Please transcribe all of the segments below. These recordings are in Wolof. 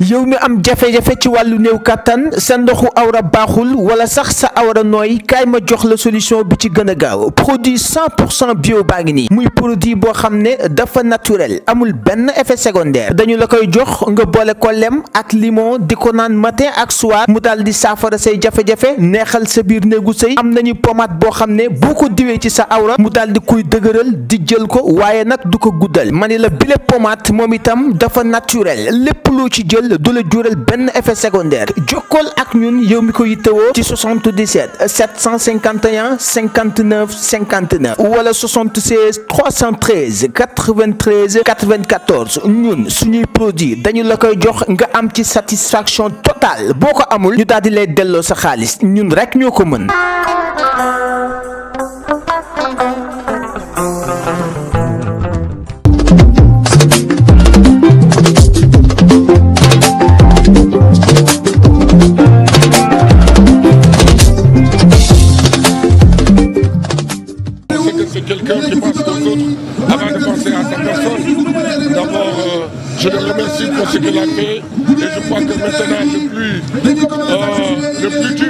yow mi am jafe-jafe ci wàllu néew kàttan sa ndoxu awra baaxul wala sax sa awra nooy kaay ma jox la solution bi ci gën gaaw produit 100 pour cent bio baa ngi nii muy produit boo xam ne dafa naturel amul benn effet secondaire dañu la koy jox nga bolé ko lem ak limon diko nan matin ak soir mu dal di safara say jafe-jafe neexal sa bir negu sëy am nañu pomade bo xamné ne boo ko diwee ci sa awra mu dal di kuy dëgëral di jël ko wayé nak duko guddal manila bile pomade momitam dafa naturel lépp loo ci jël de le la jural effet secondaire Je ak ñun yow mi ko ci 77 751 59 59 ou wala 76 313 93 94 ñun suñuy produit dañu la koy jox nga am ci satisfaction totale boko amul ñu daldi lay une sa xaliss ñun rek Je le remercie pour ce qu'il a fait. Et je crois que maintenant, euh, le plus, euh, plus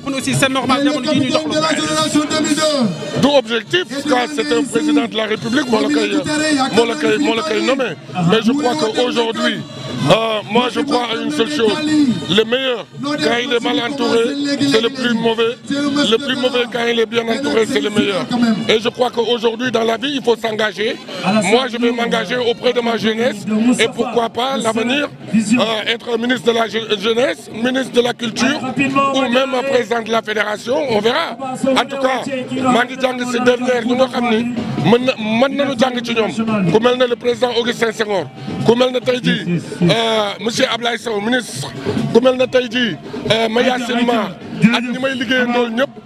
pour aussi c'est normal jamono jii du objectif quand c'est un président de la République moo la nommé mais je crois que aujourd'hui euh, moi, je crois à une seule chose. Le meilleur, quand il est mal entouré, c'est le plus mauvais. Le plus mauvais, quand il est bien entouré, c'est le meilleur. Et je crois qu'aujourd'hui, dans la vie, il faut s'engager. Moi, je vais m'engager auprès de ma jeunesse. Et pourquoi pas, l'avenir, euh, être ministre de la jeunesse, ministre de la culture, ou même président de la fédération, on verra. En tout cas, Mangi Djang, c'est dernière, nous nous ramenons. Maintenant, nous est le président Augustin Senghor. elle nous monsieur Ablaye Sow ministre ku mel na tey jii ma yaasin ma ak ñi may liggéeyandool ñëpp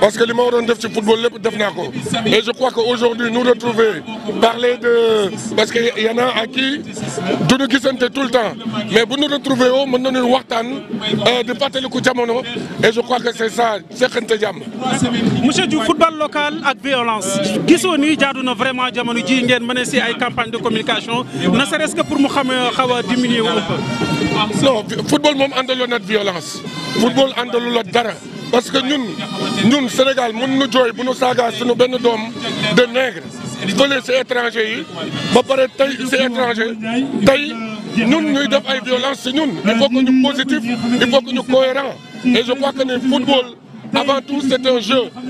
Parce que les morts de football, et je crois qu'aujourd'hui, nous retrouver, parler de. Parce qu'il y en a à qui, tout nous qui tout le temps. Mais vous nous retrouvez, nous nous Wartan, euh, de partir le et je crois que c'est ça, c'est Monsieur du football local avec violence, qui sont nous, nous vraiment, nous avons C'est une campagne de communication, ne serait-ce que pour nous euh, diminuer un peu. Non, football, nous avons violence. violence. Football, nous avons parce que nous, nous Sénégal nous sommes nous nous, nous nous nous, benn nous de nous étranger étrangers. étranger nous devons violence il faut que soyons positifs, il faut que soyons cohérents. et je crois que le football avant tout c'est un jeu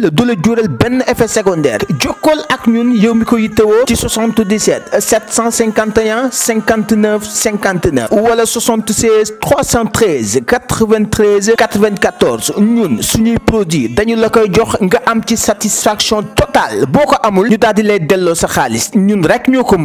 d'où le la jural ben effet secondaire Je ak ñun yow mi ko de ci 77 751 59 59 ou wala 76 313 93 94 ñun suñuy produit dañu la koy jox nga am satisfaction totale boko amul ñu daldi lay dello sa xaliss ñun rek ñoko